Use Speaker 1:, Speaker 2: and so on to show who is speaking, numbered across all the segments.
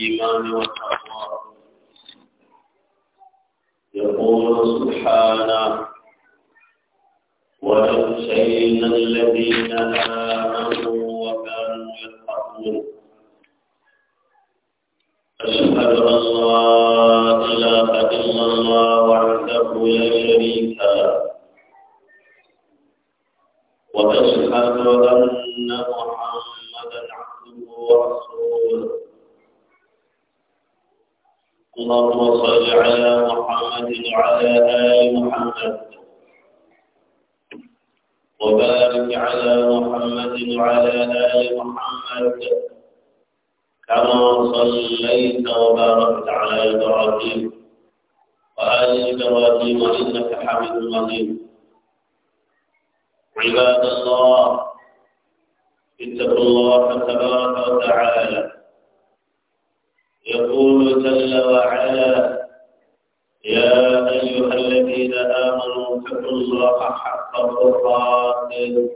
Speaker 1: إيمان والتقوى يقول سبحانه ولو الذين اتقوا الله تبارك وتعالى يقول جل وعلا يا أيها الذين آمنوا اتقوا الله حق تقاته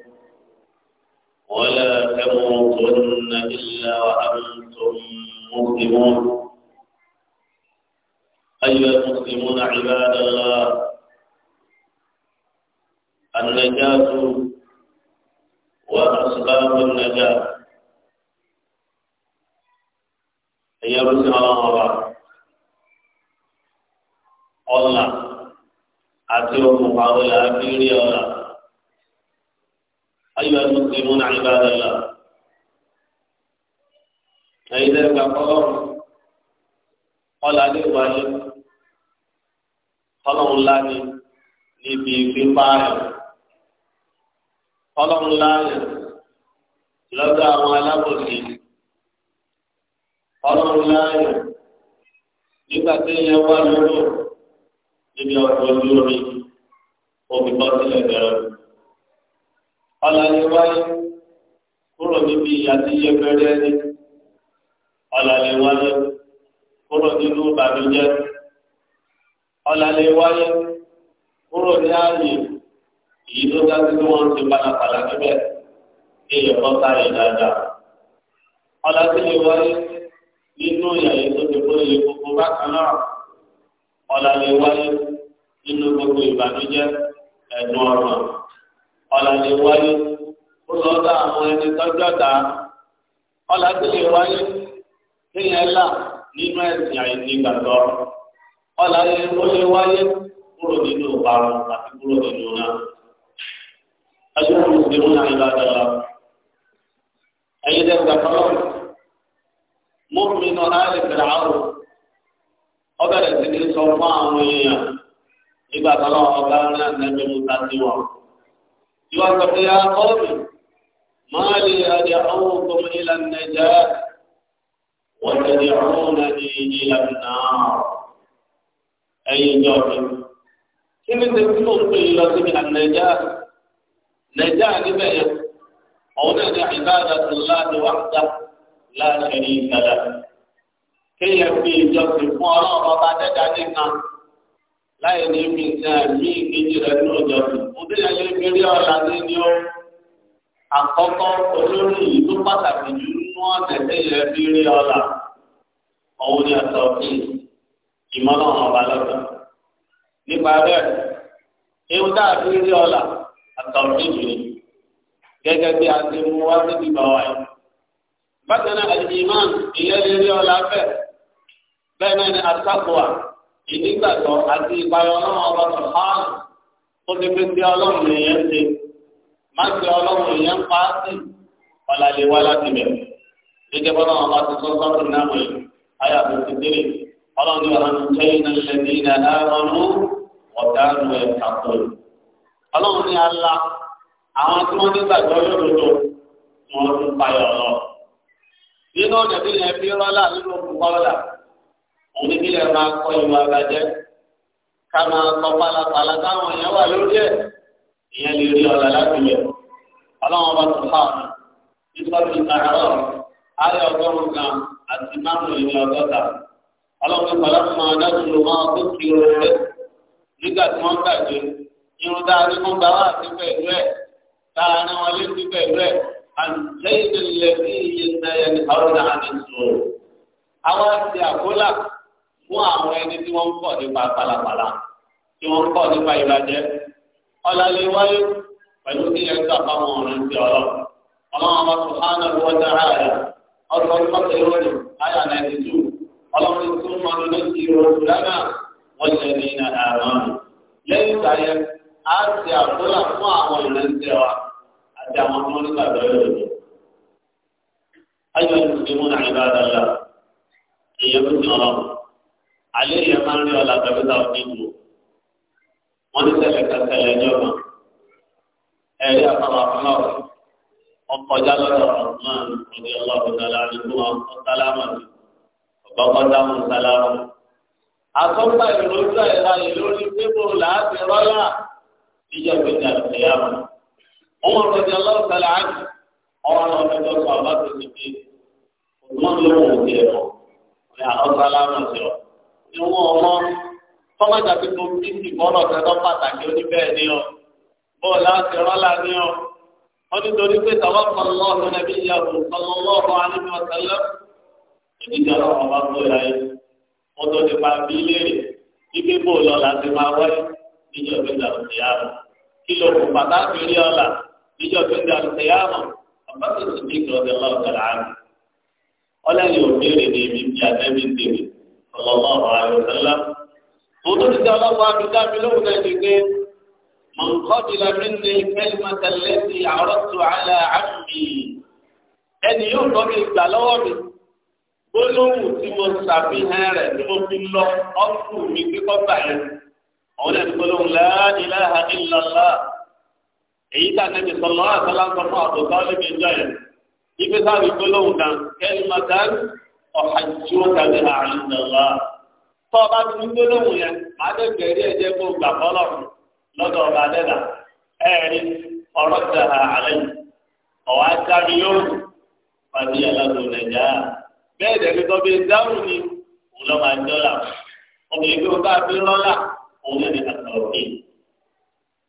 Speaker 2: ولا تموتن
Speaker 1: إلا وأنتم مسلمون أيها المسلمون عباد الله النجاة وأسباب النجاة ẹ̀yẹ ló ti hàn án ọba ọ̀là àti òkùnfà ọ̀là àfírí ọ̀là ayọ̀ mùsùlùmí náà ìbá lọ́la ẹ̀yin lẹ́yìn ká kọ́ lọ́rùn ọ̀là ní ìwáyé kọ́lọ́run láti níbi fífá rẹ̀. ọlọ́run láàyè lọ́dọ̀ àwọn alábòsí ọlọ́run nígbà tí ìyẹn wà lóró níbi ọ̀dọ̀ olórí omi bẹ̀rẹ̀ wáyé kúrò níbi àtijọ́ bẹ̀rẹ̀ ẹni wáyé kúrò nínú ìbànújẹ́ ọlọ́run wáyé kúrò ní èyí tó dájú tí wọ́n ti padàpadà níbẹ̀ kí èèyàn kọ́ sáré dáadáa. ọ̀la tí lè wáyé nínú ìyàyé tó ti kó iye gbogbo bákan náà ọ̀la lè wáyé nínú gbogbo ìbànújẹ́ ẹ̀dùn ọ̀ràn ọ̀la lè wáyé ó lọ bá àwọn ẹni tọ́jú ọ̀dà ọ̀la tí lè wáyé kéèyàn là nínú ẹ̀sìn àìnígbàgbọ́ ọ̀la lè wáyé kúrò nínú ìparun àti kúrò nínú náà. أيها المسلمون عباد الله أيضا ذكر مؤمن آل فرعون ọbẹ̀rẹ̀ sí ní sọ fún àwọn èèyàn nígbà tó lọ́wọ́ ọba rẹ̀ nẹ́bí musa sí wọn. ìwà sọ̀tẹ̀ ya ọ́ọ̀mì máa lè adé àwọn òkòmù ilà nàìjà wọ́n ti di ọ̀hún nàìjí ilà náà. ẹ̀yin ìjọ mi kí ni tẹ̀sí tó ń pè é lọ síbi nàìjà? nàìjíríà níbẹ̀ yẹn ọ̀hún náà ní àìbáàdà tó láti wá dá láti ní ìgbàlá kéèyàn fi ìjọsìn fún ọlọ́run ọba dẹ́dá nìkan láì ní fi nǹkan mí kejì rẹ̀ ní ìjọsìn fún déyà lè fi rí ọ̀la nínú ó àkọ́kọ́ olórí yìí tó pàtàkì jù nínú ọ̀nà téèyàn fi rí ọ̀la ọ̀hún ni ọ̀tọ̀ fún ìmọ̀lọ́run ọba lọ́dọ̀ nípa bẹ́ẹ̀ ewu dáàbí rí ọ̀la àtàwọn ìlú gẹ́gẹ́ bí a ti mú wá síbi bàwá yìí. bákan náà al-iman ìyẹn lè rí ọlá fẹ́ bẹ́ẹ̀ náà ni àtàkùwà ìdígbàgbọ́ àti ìpayọ̀ ọlọ́run ọba sọ̀hánù ó ti fi ti ọlọ́run èèyàn ṣe
Speaker 2: má ti ọlọ́run èèyàn
Speaker 1: pa á sí ọ̀là lè láti bẹ̀. gẹ́gẹ́ bọ́lá ọba ti sọ sọ́kùn náà wọ̀nyí ayé àbòsí délé ọlọ́run ní ọ̀hánù kẹ́yìn náà lẹ́yìn náà ọlọ́run ní ala àwọn tí wọ́n nígbàgbọ́ lódodo wọn ló ń payọ̀ lọ. nínú ọ̀dẹ̀bí yẹn fi rọ́lá nínú òkú kọ́lá òun ní kílẹ̀ máa kọ́ ìwà àgbàjẹ́ ká máa kọ́ pálapàla táwọn èèyàn wà lórí ẹ̀ ìyẹn lè rí ọ̀la láti lẹ̀. ọlọ́run bá tún fà mí nítorí ìtàkàrọ̀ ayé ọgọ́rùn kan àti márùn ìní ọgọ́ta ọlọ́run ní pàlọ́ fún ọ nígbà tí wọ́n gbàgbé irun tá a ní kó gbàwá sí pẹ̀lú ẹ̀ tá a ní wọn létí pẹ̀lú ẹ̀ àtẹ̀yìn lẹ́bí iye náírà ní àwọn náà ní sòrò. àwọn àti àkólà fún àwọn ẹni tí wọ́n ń kọ́ nípa palapala tí wọ́n ń kọ́ nípa ìbàjẹ́ ọ̀làlẹ̀ wáyé pẹ̀lú kí ẹ̀ ń sàpamọ́ ọ̀ràn ti ọ̀rọ̀ ọlọ́run ọba sùhánà lọ́wọ́ dára rẹ̀ ọ̀sọ̀ ìfọ̀sẹ̀ ìròyìn àyà náírà tù ọlọ́run tó ń mọ á ti àdúrà fún àwọn ìrẹsẹ̀ wa àti àwọn tí wọ́n ní gbàgbọ́ yóò lò. ayọ̀ ìṣẹ́ mú náà ìbá dáadáa èèyàn tó ti ọ̀rọ̀ alẹ́ yẹn máa ń rí ọ̀la tàbí táwọn ti dùn wọ́n ní ṣẹlẹ̀ kan ẹjọ́ kan ẹ̀rí àtàwọn afúnáwọ̀ ọkọjá lọ́dọ̀ ọ̀sán ọ̀dẹ ọlọ́run dára nínú ọ̀sán sálámà ní ọ̀gbọ́n dáhùn ti rọ́lá. níjọ́ gbẹ̀dẹ̀ àtẹ̀yàmù. Ọmọ rẹ̀ lọ́wọ́ sẹ́lẹ̀ àjù ọwọ́ àwọn ọ̀dọ́ sọ àbá tó ti fi ọdún lówó òkè ẹ̀rọ ní àlọ́sálámù ọ. ọmọ ọ. ọ. pé ìyàwó tó yìí. tó ti pa bí léèrè. Ibi bò máa níjọ́ tó ń da ọ̀sẹ̀ yá mọ̀ kí ló kó bàbá àgbèrè ọ̀la níjọ́ tó ń da ọ̀sẹ̀ yá mọ̀ bàbá tó ti di kìlọ̀dẹ̀ lọ́ọ̀kẹ̀lá àmì ọlẹ́yìn òbéèrè ní ibi bí àtẹ́bí ń tèmi ọlọ́mọ àyọ̀sẹ́lá òun ti di ọlọ́mọ àbíká mi lóhùn náà ti gbé mọ̀nkọ́bìlà mi ní kẹ́lìmọ́tàlẹ́sì àrọ́tù àlà àmì ẹni yóò tọ́ mi gbà lọ́wọ́ mi gbólóhùn tí mo ṣàfihàn rẹ̀ tí mo fi lọ ọ́kùn àwọn ẹ̀kọ́lọ́ la ilaha illallah èyí tá a nẹ́bi sọ̀rọ̀ àtàlánkọ́ fún àtọ̀tọ̀ lẹ́bi ìjọ yẹn ibi sáré gbólóhùn kan kẹ́límàtàn ọ̀hàjú tàbí àlùdàlá tó o bá ti ní gbólóhùn yẹn máa dé bẹ̀rẹ̀ ẹ̀jẹ̀ kó gbà bọ́lọ̀ lọ́dọ̀ ọba dẹ́dà ẹ̀rí ọ̀rọ̀ dàrá àlẹ́ yìí ọ̀wá sáré yóò pàdé alágbó nàìjà bẹ́ẹ̀ dẹ́gbẹ́ tó bí dáhùn ni òun lọ́ máa ń dọ́là ọmọ ìgbé tọ̀wé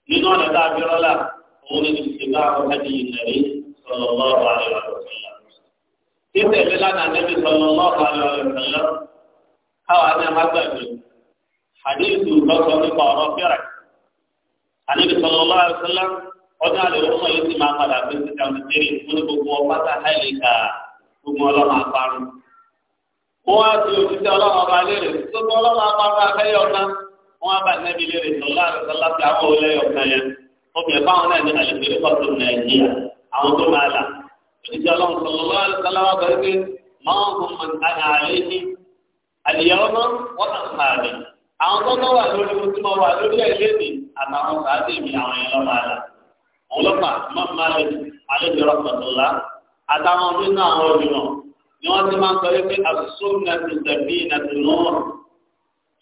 Speaker 1: nínú ọ̀nà tá a fi rọ́lá òun ni ti bá ọ̀gá di ìnáwó sallallahu alaihi wa sallam. títẹ̀ mi lánàá níbi sallallahu alaihi wa sallam káwa ní amágbàgbé àdéhùn lọ́sọ̀ nípa ọ̀rọ̀ wọ́n á ti òṣìṣẹ́ wọn bá nẹbi lè rìn lọlá lọlá tí àwọn olè ọkàn yẹn obìnrin báwọn náà ní àlejò pàtó nàìjíríà àwọn tó máa là òjijì Ọlọ́run sọlọlá lọlá wa bẹ̀rẹ̀ pé máa ń fún mọ àlẹ ní àlìyá ọmọ wọn náà máa rìn àwọn tó náà wà lórí mo ti mọ wà lórí ẹlẹ mi àtàwọn sàádé mi àwọn yẹn lọ máa là ọlọ́pàá máa máa lè àlejò pàtó là àtàwọn ọdún náà wọn ni wọn ti máa ń sọ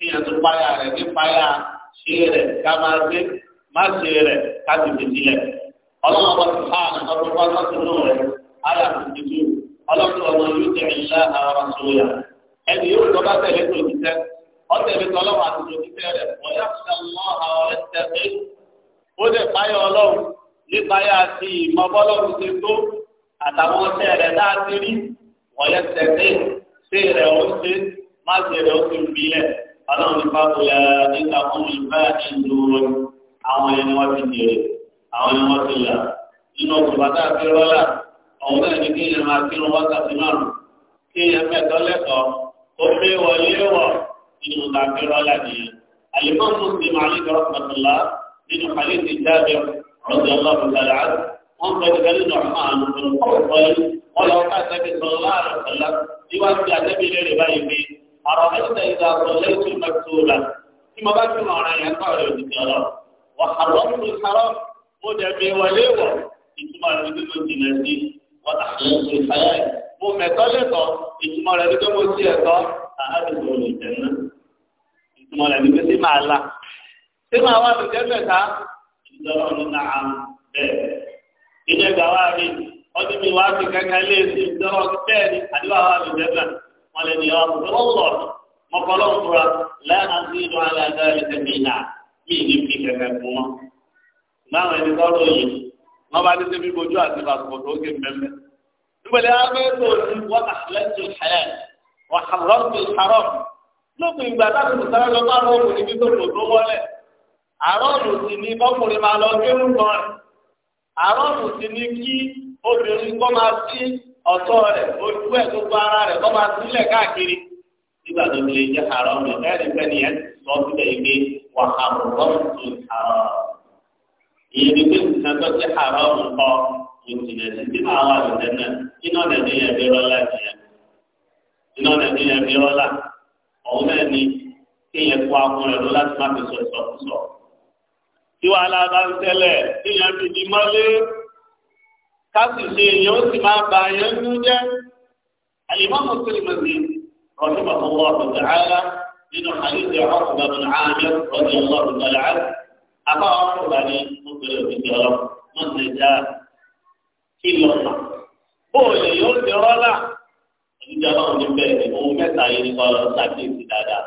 Speaker 1: kí yẹn tó páyà rẹ̀ kí páyà ṣe rẹ̀ ká máa gbé má ṣe rẹ̀ ká ti fi sílẹ̀. ọlọ́run ọba ti fà á ọdún wá sọ́sọ́nù rẹ̀ ayà tuntun tù ọlọ́run ọmọ yóò tẹ̀ ilé ara sóyà ẹni yóò lọ bá tẹ̀lé tó ti tẹ́ ọtẹ̀lé tó ọlọ́run àti tó ti tẹ́ rẹ̀ wọ́n yà fún àwọn ẹ̀sẹ̀ pé ó lè páyà ọlọ́run ní páyà ti ìmọ̀ ti tó àtàwọn ọtẹ̀ rẹ̀ láti rí wọ́n yẹ tẹ̀lé ṣé rẹ̀ ó ṣe má ṣe rẹ̀ ó ti fi lẹ̀ ọlọ́run nípa kọlá nípa fún ìgbà ìdúró àwọn ẹni wọ́n ti jèrè àwọn ẹni wọ́n ti là nínú ọ̀gbọ̀n bàtà àfẹ́rọ́là ọ̀hún náà ní kéèyàn máa kírun wákàtí márùn kéèyàn mẹ́tọ́ lẹ́kọ̀ọ́ ó fẹ́ wọlé wọ̀ nínú àfẹ́rọ́là nìyẹn. àlùfáà muslim alẹ́ rọ́pàtàlá nínú àlejò ìjáde ọ̀dọ̀ ọlọ́run tàlá wọ́n sọ ìgbà nínú ọ̀hún àlùfáà ọ̀pọ̀ yìí wọ́n lọ ká àròmẹ́sẹ̀ ìdá ọ̀lẹ́ tó ń bá tó la tí mo bá fi mọ ọ̀ràn yẹn kọ́ ọ̀rẹ́ òdìdí ọ̀rọ̀ wà àròmù sọ̀rọ̀ mo dẹ̀bi wọlé wọ̀ ìtumọ̀ rẹ̀ ní mo jìnà sí wọ́n àlejò ìfàyà mo mẹ̀tọ́ lẹ́tọ̀ ìtumọ̀ rẹ̀ ní pé mo ti ẹ̀tọ́ àádùgbò ìjẹ̀ náà ìtumọ̀ rẹ̀ ní pé sí máa la sí máa wá lùjẹ́ mẹ́ta ìdọ̀rọ̀ ní náà bẹ́ẹ̀ ilé ìgbà wa rí ọdún mi wá fi kankan lé sí ìdọ̀rọ̀ bẹ́ẹ̀ ni àdúrà wa lùjẹ́ náà wọn lè ní ọ lọ́wọ́ mọ̀kọ́lọ́ fura lẹ́yìn àti ìlú alága ẹ̀sẹ̀ mi nà mí ní fi kẹ̀kẹ́ fún wọn. báwọn ẹni sọ́rọ̀ yìí wọ́n bá dídé bí bojú àti bàtò tó gé mbẹ́mbẹ́. nígbàdí abẹ́tò ní wọ́n àlẹ́tò ṣẹlẹ̀ wọ́n àrọ́tò ìṣàrọ̀ lókun ìgbà táwọn ìṣàrọ̀ lọ bá ọ̀tọ̀ rẹ̀ ojú ẹ̀ gbogbo ara rẹ̀ kọ́ máa sílẹ̀ káàkiri nígbà tó lè jẹ́ àrọ́ mi ẹ̀rí pẹ́ni ẹ̀ sọ sílẹ̀ ìgbé wàhálà lọ́sùn àrọ́ ìyẹn ní pé nǹkan tó ti àrọ́ mi kọ́ ìjìnlẹ̀ sí ti máa náà iná nàbí yẹn fi rọ́lá nìyẹn iná nàbí yẹn fi rọ́lá ọ̀hún náà ni kéèyàn kó akun rẹ̀ lọ láti má fi sọ ìsọkúsọ tí wàhálà bá ń kéèyàn fi di mọ́lé káàsì ṣe èèyàn ó sì máa bá èèyàn nú jẹ́ àyèmọ́ mùsùlùmí mẹ́sì rọ́ṣù bàbá wọn ọ̀dọ̀ ara nínú àyíṣẹ́ ọ̀sùn bàbá ààrẹ rọ́ṣù ọlọ́run lọ́la ààrẹ apá ọ̀rọ̀ bá ní mọ́tòlẹ̀ òṣìṣẹ́ ọlọ́run mọ́tòlẹ̀ já kí lọ sà bóò lè yóò ti rọ́lá òṣìṣẹ́ ọlọ́run ní bẹ́ẹ̀ ni òun mẹ́ta yìí ní kọ́lọ́ sàkíyèsí dáadáa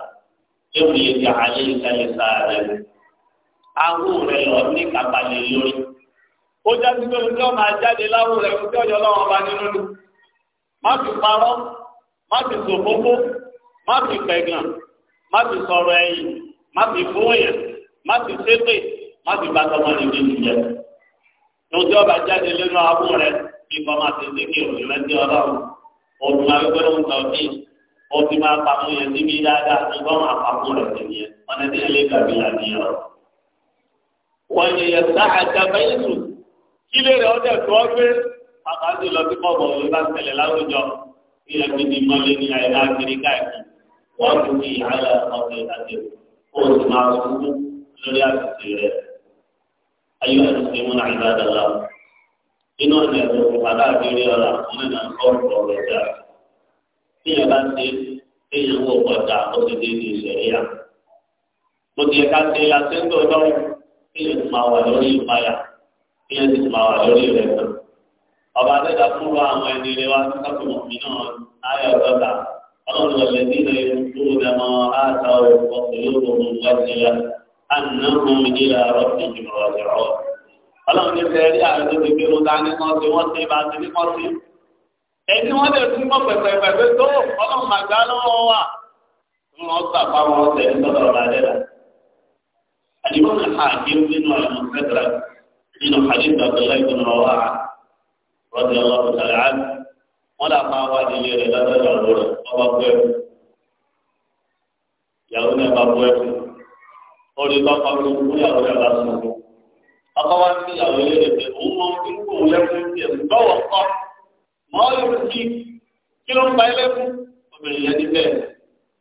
Speaker 1: léwu yìí ti àlẹ́ ìkàlẹ̀ sáà rẹ̀ àwọn rẹ̀ lọ ní kápálẹ̀ lórí ó jáde pé ojú ọmọ ajáde láwù rẹ ojú ọjọ́ lọ́wọ́ ọba nínú ni má fi parọ́ má fi sòfófó má fi pẹ̀gàn má fi sọ̀rọ̀ ẹ̀yìn má fi fóyàn má fi ṣépè má fi bàtà ọmọ nìyí nìyẹn ojú ọba jáde lẹ́nu abú rẹ ìbọn máa ti dé kí òfin mẹ́tí ọlọ́run òfin máa gbé ohun tó bí òfin máa pamọ́ yẹn síbi dáadáa ìbọn máa pamọ́ rẹ nìyẹn ọ̀nà tí ilé gàbí làníyàn. wọ́n yẹ sáà jábẹ́ yìí ilé rẹ̀ ọdẹ tó ọ gbé bàbá tó lọ sí pọ̀ bọ̀ọ̀lù bá tẹ̀lé láwùjọ kí ẹ fi di mọ́lẹ̀ ní àyè láàkiri káàkiri wọ́n tún ní ìhàlẹ̀ ọ̀gbìn ìdájọ́ kó o sì máa ronú lórí àṣìṣe rẹ̀ ayé àṣìṣe mú náà ìgbà dàgbà inú ọ̀nà ẹ̀rọ ìpàdé àbírí ọ̀la ọ̀nà náà kọ́ ọ̀rọ̀ ọ̀dà bí ẹ bá ṣe kéèyàn wọ ọ̀dà ó ti dé ní ìṣẹ̀lẹ̀ yà mo ti ẹ̀ka ṣe àṣẹ́ńtò ọlọ́run kéèyàn máa wà lórí ìpayà kéèyàn ti máa wà lórí rẹ̀ tó. ọba dẹ́ta fún wa àwọn ẹni rẹ̀ wá sábà mọ̀ mí náà ayọ̀ ọ̀dọ́ta ọlọ́run lọ́lẹ̀ nílẹ̀ tó dẹ̀mọ́ àtà ọ̀pọ̀lọpọ̀ wájìlá ànáhùn ìlà rọ́bì jùlọ ọ̀rọ̀. ọlọ́run ní sẹ́rí ààrẹ tó ti gbé wọn dání kan sí wọ́n ti bá ti ní kan ẹni wọ́n lè tún mọ̀ pẹ̀pẹ̀pẹ̀ tó ọlọ́run màgbá lọ́wọ́ wà. wọ́n nínú hadith abdullahi bin rawaha rọdí ọlọ́run tàlẹ́ àná wọn là máa wá ní ilé rẹ lọ́dọ̀ ìyàwó rẹ ọba bọ́ẹ̀ ìyàwó náà bá bọ́ẹ̀ orí lọ́kọ ló ń kú ìyàwó rẹ bá sùn ọkọ wá sí ìyàwó ilé rẹ pé òun mọ orí kò lẹ́kùn tiẹ̀ lọ́wọ́ kọ́ mọ́ ìlú kí kí ló ń pa ẹlẹ́kùn obìnrin yẹn ní bẹ́ẹ̀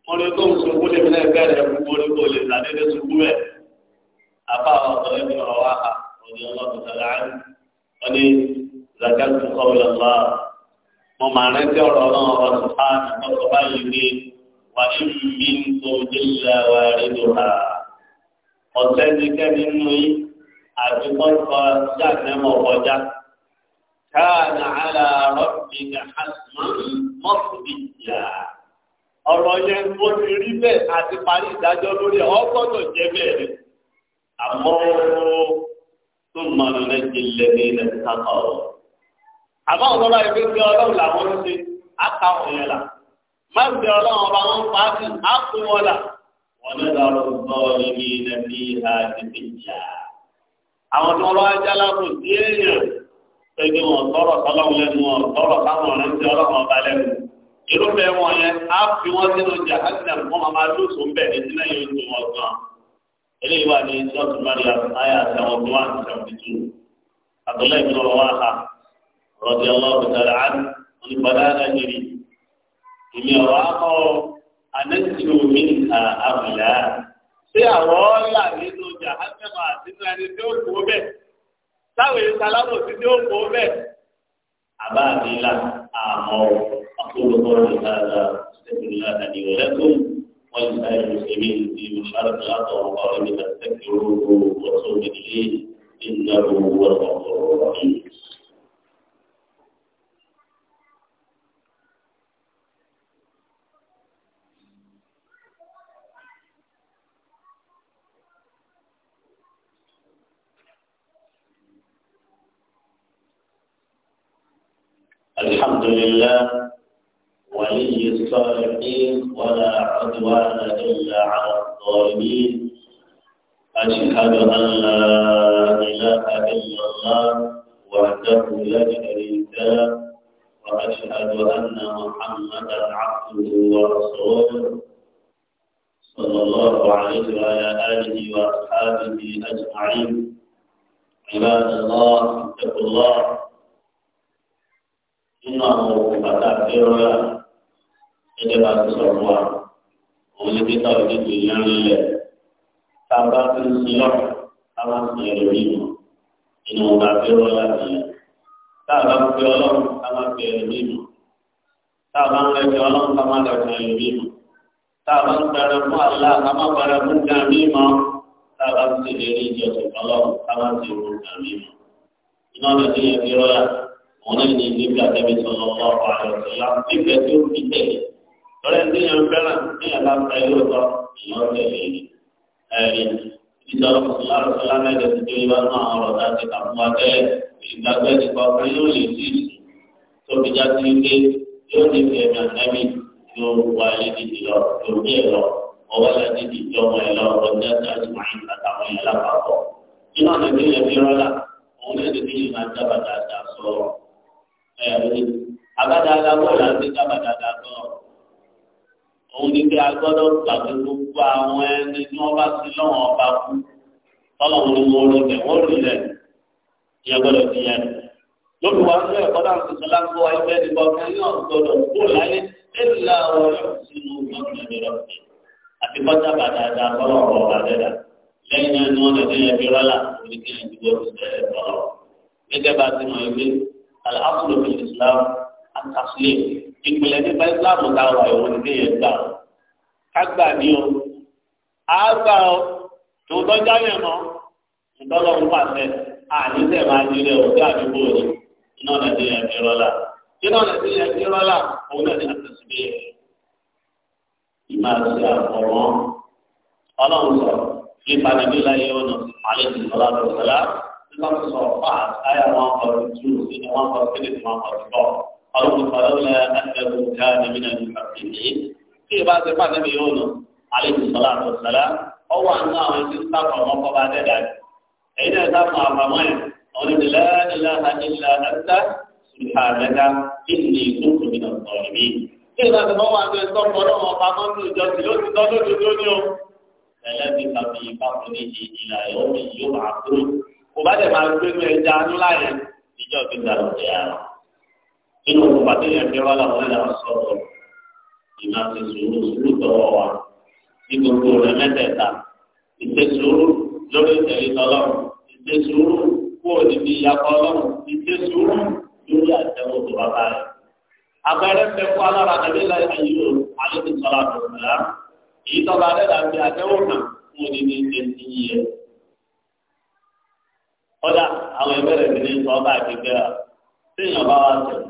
Speaker 1: mo rí ń sunkún lè fi náà bẹ́ẹ̀ rẹ̀ mo rí kò lè sàdédé sunkún rẹ̀ àbá ọ̀dọ́ رضي الله تعالى عنه أني ذكرت قول الله وما نكر الله سبحانه وتعالى وإن منكم إلا واردها وذلك مني أتفق جهنم وجه كان على ربك حسما مصديا ọ̀rọ̀ yẹn ó ti rí bẹ́ẹ̀ àti parí ìdájọ́ lórí ọgọ́dọ̀ jẹ́ bẹ́ẹ̀ ni àmọ́ ثم ننجي الذين اتقوا àmọ́ ọ̀rọ̀ báyìí pé bí ọlọ́run làwọn ń ṣe àka òyìn là má ń bẹ ọlọ́run ọba wọn pa á sí àpò wọn là wọn ní ọ̀rọ̀ gbọ́ níbi nàbí àdìbì jà àwọn tó lọ́wọ́ ajálá kò sí èèyàn pé wọn tọrọ sọlọ́run lẹ́nu wọn tọrọ sáwọn ọ̀rẹ́ ti ọlọ́run ọba lẹ́nu irúfẹ́ wọn yẹn á fi wọn sínú jà á nà fún ọmọ adóso ń ní sílẹ̀ yóò tó wọn gan eléyìí wà ní sọ́ọ̀tù maria ayé àtàwọn ọdún wa seventy two abdullahi bin rawaha rọ̀dí ọlọ́ọ̀bù tààrà án onípadà nàìjírí ìmì ọ̀rọ̀ akọ anẹ́sìlú mi nà àbùlá ṣé àwọn ọ̀là nínú jahannama nínú ẹni tí ó kú bẹ́ẹ̀ táwọn èyí sálámù sí tí ó kú bẹ́ẹ̀ àbá àmọ́ ọkùnrin kọ́ọ̀lù tààrà ṣẹ́kùnrin àtàdé واسأل المسلمين في محارب الأرض وقال من استكبروه وصوم إليه إنه هو الغفور الرحيم وأشهد أن لا إله إلا الله وحده لا شريك له وأشهد أن محمدا عبده ورسوله صلى الله عليه وعلى آله وأصحابه أجمعين عباد الله اتقوا الله إنه فتكبر يعنى له إجابة الصلاة ولكتاب الدنيا bàbá tó ń sin lọ káwá sí ẹ̀rọ yìí mọ̀ inú ọ̀gá fẹ́ ọ láti yẹn táàbà ń fẹ́ ọlọ́run káwá fẹ́ ẹ̀rọ yìí mọ̀ táàbà ń rẹ̀fẹ́ ọlọ́run káwá rẹ̀fẹ́ ẹ̀rọ yìí mọ̀ táàbà ń bẹ̀rẹ̀ fún àlá káwá bẹ̀rẹ̀ fún gàmí mọ̀ táàbà ń ṣe eré ìjọsìn ọlọ́run káwá sí ẹ̀rọ gàmí mọ̀ iná lọ sí ẹ̀rọ yìí rọ́lá wọn náà ní ìdí ìgbà tẹ́bi sọ̀rọ̀ ọ̀pọ̀ àyọ̀sọ̀lá nígbà tó fi tẹ̀lé lọ́rẹ́ ní ẹ̀rọ fẹ́ràn ní ẹ̀lá fẹ́ lóòótọ́ ìyọ́ tẹ̀lé ni ẹ̀rí ìdíjọ́ ọlọ́kùnrin láàrọ̀ tó lámẹ́jọ ti dé ìwà náà ọ̀rọ̀ láti kàmú wa tẹ́lẹ̀ ìgbàgbẹ́ nípa ọkùnrin yóò lè sí ìsìn tó fi já sí ilé yóò ní fi ẹ̀mí àtẹ́mì yóò wá ilé dìdì lọ yóò ní ẹ̀ lọ ọwọ́ ẹ̀ dìdì ìjọba ẹ̀ lọ ọjọ́ tí a ti máa ń tàtàwọn ẹ̀ lápapọ̀ nínú ọ̀nà tí yẹn fi rọ́lá òun náà ti fi yìí máa dábàdàdà sọ̀rọ̀ ẹ̀rí àbádáadáa bọ́ọ̀lù àti dábàdàdà sọ̀rọ̀ òun ni pé a gbọ́dọ̀ gbàgbé gbogbo àwọn ẹni tí wọ́n bá ti lọ́wọ́ ọba kú tọ́lọ̀ wọn ni wọ́n rìn lẹ̀ wọ́n rìn lẹ̀ ìyẹn gbọ́dọ̀ fi yẹn. lórí wa ní ẹ̀kọ́ náà tuntun lágbo ẹgbẹ́ ìbọn kan yóò gbọ́dọ̀ kó láyé ẹ̀là ọ̀rọ̀ sínú ìgbàgbọ́ àti kọjá bàtà àti àkọ́lọ̀ ọ̀rọ̀ bàtà dà lẹ́yìn náà ni wọ́n lọ sí ẹbí rọ́là oníkẹ́yìn ìdíwọ́ ìṣẹ̀lẹ̀ ọ̀rọ̀ gẹ́gẹ́ bá ti mọ̀ ẹgbẹ́ alhassan ìpìlẹ̀ nípa ìsìláàmù táwọn àìwọ̀ ní kéèyàn gbà ó kágbà ní o á gbà ó tòótọ́ jáwé mọ́ ìtọ́lọ́ ń pàṣẹ àníṣe máa di ilé ọ̀gá àdúgbò rẹ̀ iná nàìjíríà fi rọ́lá iná nàìjíríà fi rọ́lá òun náà ní àtẹ̀síbí rẹ̀ ìmọ̀ àti àkọ̀rọ̀ ọlọ́run sọ nípa nàbí láyé ọ̀nà àlejò ìsọ̀lá lọ́sọ̀lá nípa sọ̀rọ̀ fáà táyà wọn kọ̀ tù sí ni wọn kọ̀ sí ni wọn kọ̀ sí قالوا فلولا أنه كان من المحسنين في بعض بعض يقولون عليه الصلاة والسلام هو أنه يستطيع ما بعد ذلك حين يتم أمامه قال لا إله إلا أنت سبحانك إني كنت من الظالمين في بعض ما هو أنه يستطيع ما بعد ذلك يقول تدل فلبث في بطنه إلى يوم يبعثون وبعد ما يقول جعلوا لا يجوز ذلك pàdé yẹn fi wàhálà wàhálà sọ̀rọ̀ ìmọ̀ àti sùúrù sùúrù tọwọ́ wa ní gbogbo rẹ̀ mẹ́tẹ̀ẹ̀ta ìṣe sùúrù lórí ìtẹ̀lé tọ́lọ́run ìṣe sùúrù kúrò níbi ìyàkọ́ ọlọ́run ìṣe sùúrù lórí àtẹ̀wò tó bá bá rẹ̀. abẹ́rẹ́ fẹ́ kó alára nàbí láì ayé o alẹ́bí sọ̀rọ̀ àtọ̀tọ̀lá èyí tọ́ba alẹ́dà fi àtẹ̀wò kan fún odidi ẹni yẹ. kọ́dà àwọn ìbẹ̀rẹ̀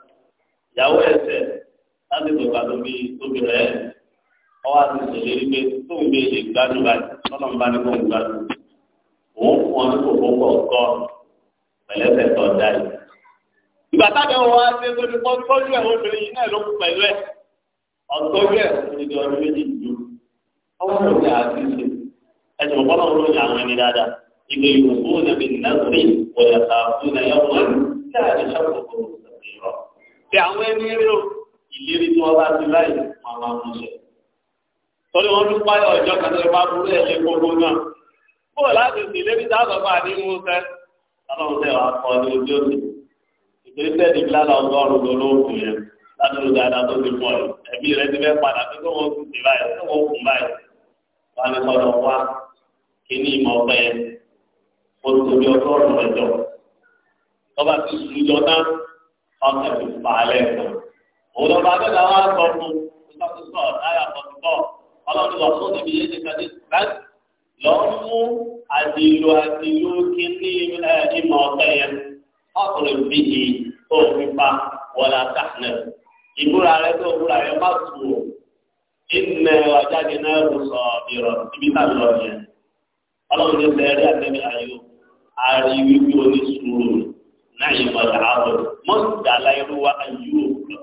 Speaker 1: ìyàwó ẹsẹ̀ láti tó gbàdúrà bí tóbi rẹ̀ ọwọ́ àti ìṣèlérí pé tóun bí èlé gbádùn báyìí tọ́nà ń bá ní kó ń gbádùn òun fún ọ ní kò fọwọ́ ọkọ pẹ̀lẹ́sẹ̀ tó dá yìí. ìgbà táwọn ọmọ wa ṣe tó ní kọ́ tọ́jú ẹ̀ obìnrin yìí náà ló kú pẹ̀lú ẹ̀ ọ̀tọ́jú ẹ̀ níbi ọdún méjì ju ọwọ́ ló ní àti ṣe ẹ̀sìn ọ̀pọ̀lọ́ ló ní àwọn ẹni dáadáa ìgbè ìwòkó nàbí nàbí ọ̀yàtà fún ẹ̀yọ́ wọn láàrin ṣàkóso ìrọ̀ pé àwọn ẹni rírò ìlérí tí wọ́n bá ti láì máa máa mú ṣe. torí wọn tún páyọ ọjọ́ kan tó bá burú ẹ̀ lé gbogbo náà bó láti sì lébi tá a sọ fún àdínkù sẹ Ọlọ́run tẹ wàá kọ ní ojú òsì ìgbésẹ̀ tẹ ní bílá náà ọgọ́rùn ló lóògùn yẹn láti ló dáadáa tó ti pọ ẹ ẹbí rẹ ti fẹ́ padà pé kó wọn kù sí báyìí kó wọn kù báyìí wọn ni ní ọkẹ tó fà á lẹ́nu òun bá bẹ́ẹ̀ làwọn àgbọ̀ fún ìsọkúsọ láyà pọ̀tùpọ̀ ọlọ́run lọ fún níbi yéé nìkan ní bẹ́ẹ̀ lọ mú àdìlú àdìlú kíní ìmọ̀ ọ̀tẹ̀ yẹn ọkùnrin bí i òfin pa wọlé àtàkùnà ìbúra rẹ tó búra rẹ má tù ó ìnà ọ̀jáde náà ló sọ ìrọ̀ ibi náà lọ ní bẹ́ẹ̀rẹ̀ àtẹ́bí ayò àríwí bí mọ́tàlá irú wa ayú òkú.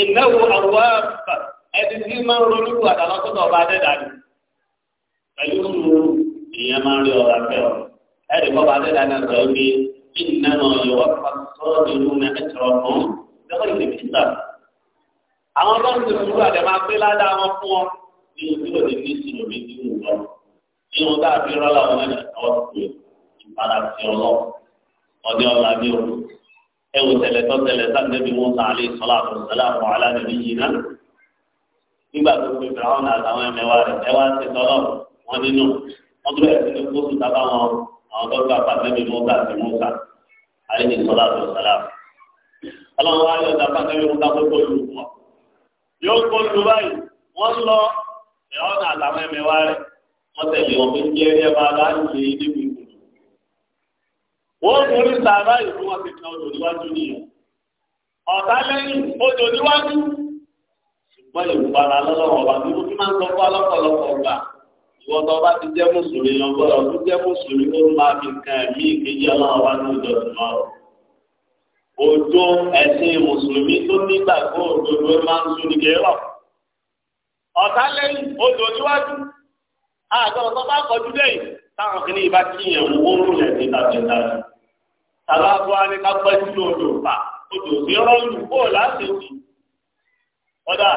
Speaker 1: ìnáwó àwọn àgbà ẹni tí máa ń ronú kú àtàlọ́ tó tọ̀ ọba dẹ́dà ni. pẹ̀lú sùúrù ìyẹn máa ń rí ọ̀rọ̀ afẹ́ ọ̀. ẹ̀rì bọ́ba dẹ́dà náà sọ pé ìnáwó ìwọ́ sọ́ọ́ ìlú ní ẹ̀tọ́ fún lọ́wọ́ ìlú pítà. àwọn ọlọ́run ti fún àdé máa pé ládàá wọn fún ọ ní ojú òde ní ìṣirò méjì ń lọ. inú tá a fi rọ́lá wọn ní ọ̀sùn ìpàdà sí ọdẹ ọ̀la ní òkú ẹwù tẹlẹ tó tẹlẹ sànẹbi musa alẹ sọlá àtọsọlá àwọn alánàbí yìí náà nígbà tó fi fìràwọn àtàwọn ẹmẹwà rẹ ẹwà ti tọlọ wọn nínú wọn tó yẹ kí kóso tábà wọn àwọn tó gba pàtẹbi musa àti musa alẹ sọlá àtọsọlá Ọlọ́run wa yọ ọjà pàtẹbi musa tó kó lu wọn yóò kó lu báyìí wọn lọ fìràwọn àtàwọn ẹmẹwà rẹ wọn tẹlẹ wọn fi jẹ ẹyẹ bá a láti ṣe é wọ́n mú orí sàárà ìlú wọn ti kan odò níwájú nìyẹn ọ̀tá lẹ́yìn odò níwájú ṣùgbọ́n ìgbàlá lọ́lọ́wọ́ ọba tí mo fi máa ń sọ fún ọlọ́pọ̀lọpọ̀ ọgbà ìwọ́n tó bá ti jẹ́ mùsùlùmí yan gbọ́dọ̀ tó jẹ́ mùsùlùmí ó máa fi kan ẹ̀mí ìkejì ọlọ́wọ́ bá ní ìjọ ìmọ̀ rẹ̀ ojú ẹ̀sìn mùsùlùmí tó nígbàgbọ́ òdodo máa ń sún nìkẹ́ rọ̀ ọ̀tá lẹ́yìn odò níwájú àgbọ̀n tó bá kọjú lẹ́yìn táwọn kìíní ìbá kíyàn owó ń rúlẹ̀ ní tàbíńtàbí tàbá bọ́ á ní ká pẹ́ sínú odò pa odò sí ọ̀rọ̀ lù kó láti wì. kódà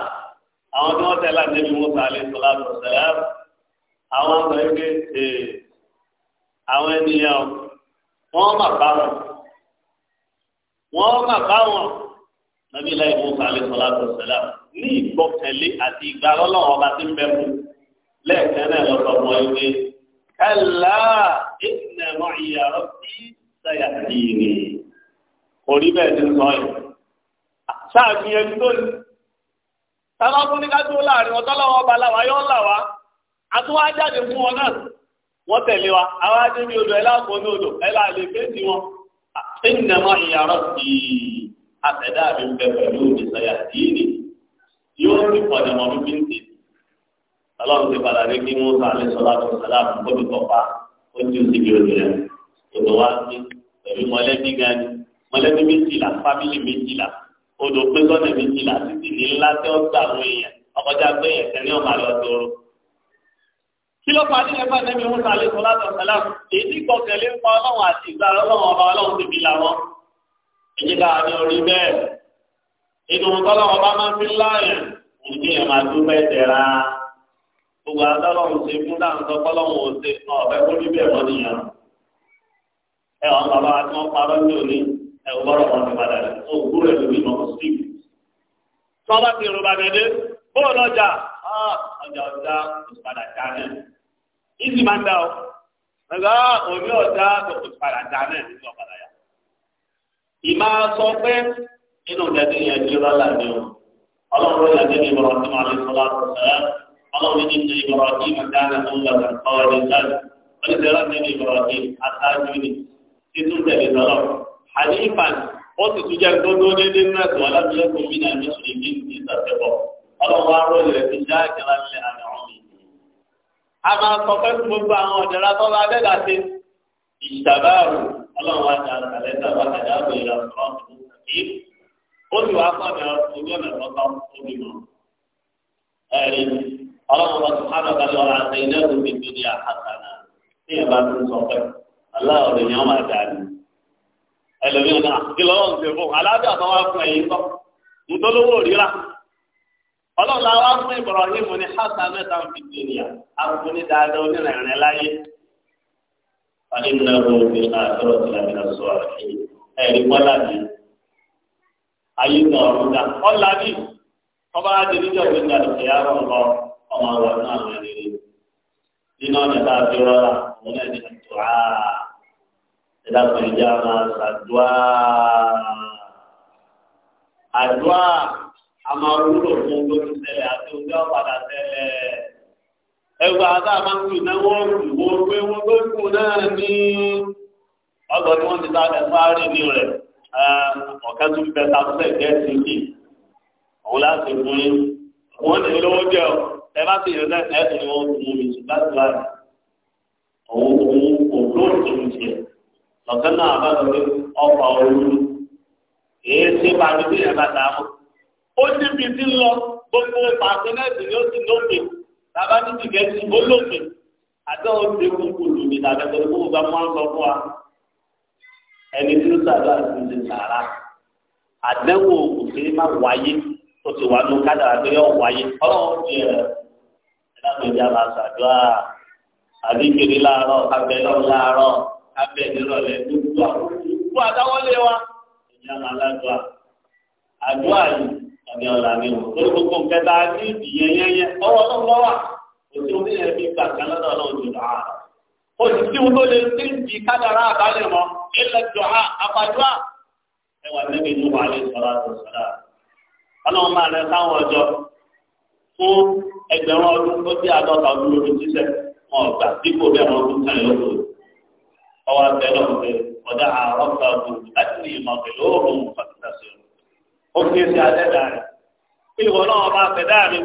Speaker 1: àwọn tí wọ́n tẹ̀ láti ẹbí wọn sá lé sọlá tó sẹ́yà àwọn sọ pé àwọn ènìyàn wọ́n mà bá wọn wọ́n mà bá wọn nàbí láì mú sá lé sọlá tó sẹ́yà ní ìgbọ́kẹ̀lé àti ìgbà lọ́lọ́wọ́ bá ti ń bẹ́ fún lẹ́ẹ̀kẹ́ náà lọ́sọ̀ọ́ kalla inna ma'iya rabbi sayahdini orí bẹ́ẹ̀ ti sọ yìí ṣáàfihàn tó ní sábàbù ní ká tó láàrin ọ̀tọ̀ lọ́wọ́ ọba làwà yọ ọ́ làwà àtúwá jáde fún wọn náà wọ́n tẹ̀lé wa àwọn adé ní odò ẹ̀là àpò ní odò ẹ̀là àlè fèsì wọn ìnàmọ́ ìyàrá sí àtẹ̀dá mi bẹ pẹ̀lú ìṣẹ̀yà sí i yóò ti pọ̀ ọlọ́run ti padà ní kí wọ́n sáré sọlá tó sọlá kóbi kọ́pá ó ti ó sì bí ojú rẹ̀ odò wá sí pẹ̀lú mọ̀lẹ́bí gan ni mọ̀lẹ́bí méjìlá fámìlì méjìlá odò pé sọ́nà méjìlá títí ní ńlá tí ó gbà àwọn èèyàn ọkọjá pé èèyàn kan ní ọ̀mà lọ tóró. kí ló parí ẹgbẹ́ nẹ́bí wọ́n sáré sọlá tó sọlá èyí kọkẹ̀lé ń pa ọlọ́run àti ìgbà ọlọ́run ọba ọlọ́run gbogbo adọ́lọ́run ṣe fún dáńtọ́ kọ́lọ́run ò ṣe fún ọ̀fẹ́ kó rí bẹ́ẹ̀ wọ́n nìyẹn. ẹ wọn bàbá wa tí wọ́n parọ́ ní òní ẹ wọ́n bọ́rọ̀ wọn ti padà rẹ̀ ó kúrò ẹ̀ lómi mọ́ sí. tí wọ́n bá ti rò bàgẹ́dẹ́ bóòlù ọjà ọjà ọjà òṣùpadà já náà ìsì máa ń dá o ẹ̀gá òní ọjà òṣùpadà já náà ìsì ọ̀padà yá. ìmọ̀ sọ pé inú kẹ́kẹ́ yẹn ti rọ́lá ni o ọlọ́run yàtí ọlọ́run ní ṣe Ibrahim dáná ọ̀la ọ̀rẹ́ sáàlì olùsèrà ní Ibrahim aṣáájú ni títún tẹ̀lé sọ́lọ́ hanifan ó sì tún jẹ́ gbogbo déédéé náà tó alábìlẹ̀ kò mí náà ní ṣùgbọ́n ní ìsàtẹ̀bọ̀ ọlọ́run arọ́ ilẹ̀ ti já ìkẹlá ní àná ọ̀mì. a máa sọ pé gbogbo àwọn ọ̀dẹ́ra ọlọ́run bá tó hánà bá lọ́ra àti iná tó fi ju ní àhàtàná ní ìbá tó ń sọ pé aláwọ̀ rẹ̀ ni wọ́n máa dà ní. ẹlòmíràn náà kí lọ́wọ́ ń ṣe fún aláàbíà tó wá fún ẹ̀yìn kọ́ ntọ́lówó ríra ọlọ́run la wá fún Ibrahim ní hàtà mẹ́ta ń fi ju ní à ní dáadáa onírìnrìn láyé. fàdínà ló ń fi àtọ́rọ̀ ti làmìnà sọ àfihàn ẹ̀rí mọ́lá ọmọ rẹ̀ náà rẹ̀ lè nínú ọ̀nà tá a fi rọ́lá òun náà ní àtúrà
Speaker 2: ẹ̀dá kan ìjà máa ṣàdúà
Speaker 1: àdúà a máa wúlò fún lórí ṣẹlẹ̀ àti ojú ọ̀padà ṣẹlẹ̀ ẹgbẹ́ àtà máa ń gbìn náà wọ́n rù wọ́n pé wọ́n tó kù náà ní ọgbọ̀n tí wọ́n ti ta ẹ̀fọ́ ní rẹ̀ ọ̀kẹ́ tún bẹ ta fún sí ní òun láti fún yín wọ́n ní lówó jẹ́ ẹ bá ti yọ lẹ́sẹ̀ ẹ̀ tó ní wọ́n mú mi sùn láti láàyè òun òun kò lóòrè tó ń tiẹ̀ lọ́kàn náà bá lọ pé ọkọ̀ òru èé ṣe bá mi bí ẹ̀ bá dà á mọ́ ó ní bí ti ń lọ gbogbo pàṣẹ nẹ́ẹ̀sì ni ó ti lóògbé tàbá ní tìkẹ́ ti ó lóògbé àtẹ́wọ́ ti kú kùlù mi tàbí ẹ̀kọ́ tó gbà mọ́ àǹsọ̀ fún wa ẹni tí ó sàdúrà ti ti sàrà àdẹ́wò kò sí má wáyé tó ti wà nù kádàrà pé yọ wáyé ọlọ́run ti ẹ̀ láti ọjà máa ṣàdúrà àdìkiri láàárọ̀ abẹ́lọ́ láàárọ̀ abẹ́ nírọ̀lẹ́ gbogbo àkókò àdáwọlé wa ìjà máa ládùá àdúrà yìí tàbí ọ̀la mi wò lórí gbogbo nǹkan tá a ní ìdìyẹn yẹnyẹ ọwọ́ tó ń ní ẹbí gbàgbé lè ń di kádàrá àbálẹ̀ mọ́ ilẹ̀ ìlú wa lè sọ̀rọ̀ ọlọ́run máa lẹ ọjọ́. fún ẹgbẹ̀rún ọdún tó dé àádọ́ta ọdún lórí ṣíṣẹ́ wọn ọ̀gbà dípò bí àwọn ọdún kan yóò lò ọwọ́ abẹ́ lọ́wọ́ pé ọ̀dà àárọ̀ ọ̀gbà ọdún láti ní ìmọ̀ pẹ̀lú òòrùn pàtàkì ó fi ṣe alẹ́ dàrẹ́ kí ìwọ náà bá fẹ́ dàrẹ́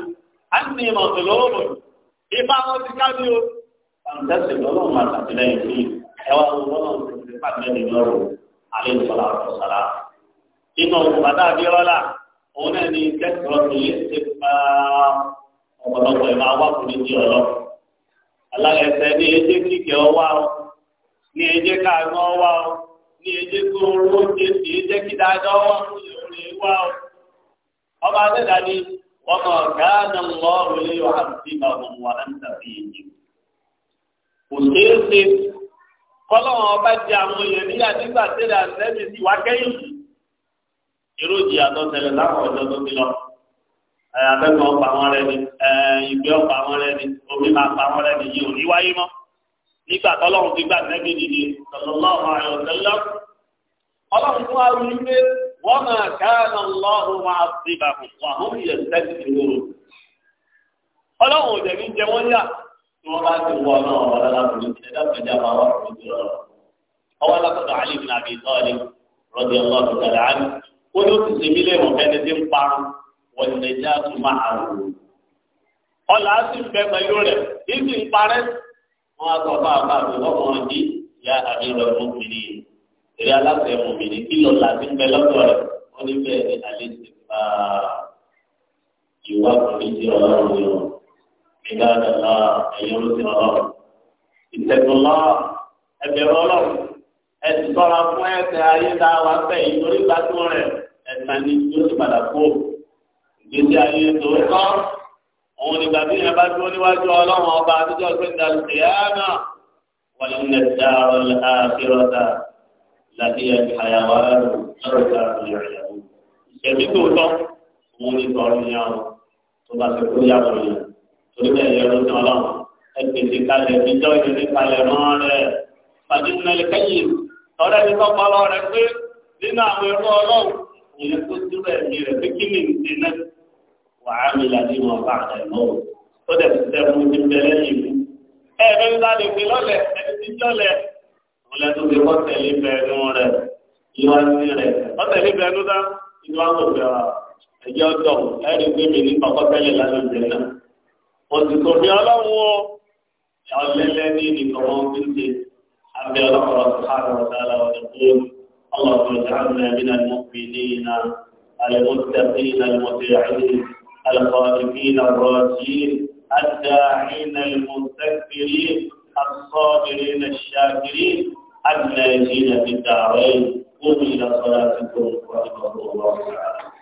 Speaker 1: á ní ìmọ̀ pẹ̀lú òòrùn ìbá wọn ti ká bí o. àǹtẹ̀sẹ̀ lọ́lọ́run máa tàbílẹ̀yìn fún ẹwà lọ́lọ́run òun náà ní kẹ́kọ̀ọ́ tó lè ṣe pa ọ̀pọ̀lọpọ̀ ìmọ̀ awákùnrin di ọ̀rọ̀. alárẹ̀sẹ̀ ní ẹjẹ́ kíkẹ́ ọwá o ní ẹjẹ́ káàánú ọwá o ní ẹjẹ́ tó owó ṣe sí ẹjẹ́ kí dáadáa ọwá fún ìròyìn ìwá o. ọba adéda ni lọ sí wà ń tàbí kò ṣe kọ́lọ́wọ́n ọba jẹ àwọn èèyàn irú ìjìyà tó tẹ̀lé láwọn ọjọ́ tó ti lọ abẹ́gbẹ́ ọ̀pá wọn rẹ ni ìgbẹ́ ọ̀pá wọn rẹ ni omi máa pa wọn rẹ ni yìí ò ní wáyé mọ́ nígbà tọ́lọ́run ti gbà nẹ́bí nìyí sallallahu alaihi wasallam ọlọ́run fún wa wí pé wọ́n máa káàná lọ́rùn wọn àtìbà wọn àwọn yẹn sẹ́ẹ̀tì ìwòrò ọlọ́run ò dẹ̀bi jẹ wọ́n yà tí wọ́n bá ti wọ náà wọ́n lọ́la kò ní ẹ̀dá pẹ̀lú àwọn àwọn ọ̀rọ̀ ọwọ́ alákọ̀tọ̀ alif nàbí sọ́ọ̀lì rọ́dí ọlọ́run tẹ̀lé àná ó ló ti ṣe mí lẹ́mọ̀ ẹni tí ń parun wọ́n lè já tó máa rò ó. ọ̀là á sì fẹ́ pẹ̀lú rẹ̀ ìsì ń parẹ́ wọ́n á sọ fún àbá àti ọkùnrin bí ìyá àmì rẹ̀ mú mi ní eré aláṣẹ mú mi ní kí lọ́la ti ń bẹ lọ́dọ̀ rẹ̀ wọ́n ní bẹ́ẹ̀ ni alẹ́ ti fa ìwà kùnrin ti ọlọ́run yọ ìgbà àdàlà ẹ̀yọ́ ló ti ọlọ́run ìtẹ̀gbọ́lá ẹ̀bẹ̀rẹ̀ ọlọ́run ẹ̀sìn ẹ̀sán ni yóò ti padà kú ìgbésí ayé tòótọ́ òun nígbà tí yẹn bá dúró níwájú ọlọ́run ọba àtijọ́ pé dàlùkìyàmà wọn lè nà dàrọ̀ àkìrọ̀tà láti ẹ̀ka àyàwó lọ́rọ̀ dàrọ̀ ìyàwó. ìṣẹ̀mí tòótọ́ òun ní sọ̀rọ̀ yẹn o tó bá ti kú yàgò yẹn torí bẹ́ẹ̀ yẹn ló tán ọlọ́run ẹgbẹ̀sẹ̀ kalẹ̀ ìjọ ìrírí kalẹ̀ mọ́ rẹ̀ fàdínà ìkẹyìn tọ́lá ti tọ́pọ̀ ìrẹ́ tó dúró ẹ̀mí rẹ̀ pé kí ni ìṣe náà wàá mi là nínú ọba àtẹ̀mọ́ o tó dẹ̀ ti tẹ́ fún ti bẹ̀rẹ̀ yìí fún. ẹ ẹ̀rọ ńlá lè fi lọ́lẹ̀ ẹni tí lọ́lẹ̀ ọ̀lẹ́ tó fi kọ́tẹ̀ lé bẹ̀ẹ́nu rẹ̀ ìwádìí rẹ̀ kọ́tẹ̀ lé bẹ̀ẹ́nu dá inú àwọn òbẹ̀ wa ẹ̀jẹ̀ ọ̀dọ̀ ẹ̀rí pé mi ní pàkọ́tẹ́lẹ̀ lálẹ́ náà. òsìkò mi اللهم اجعلنا من المؤمنين المتقين المطيعين الخالفين الراجين الداعين المستكبرين الصابرين الشاكرين الناجين في الدارين قم الى صلاتكم ورحمه الله تعالى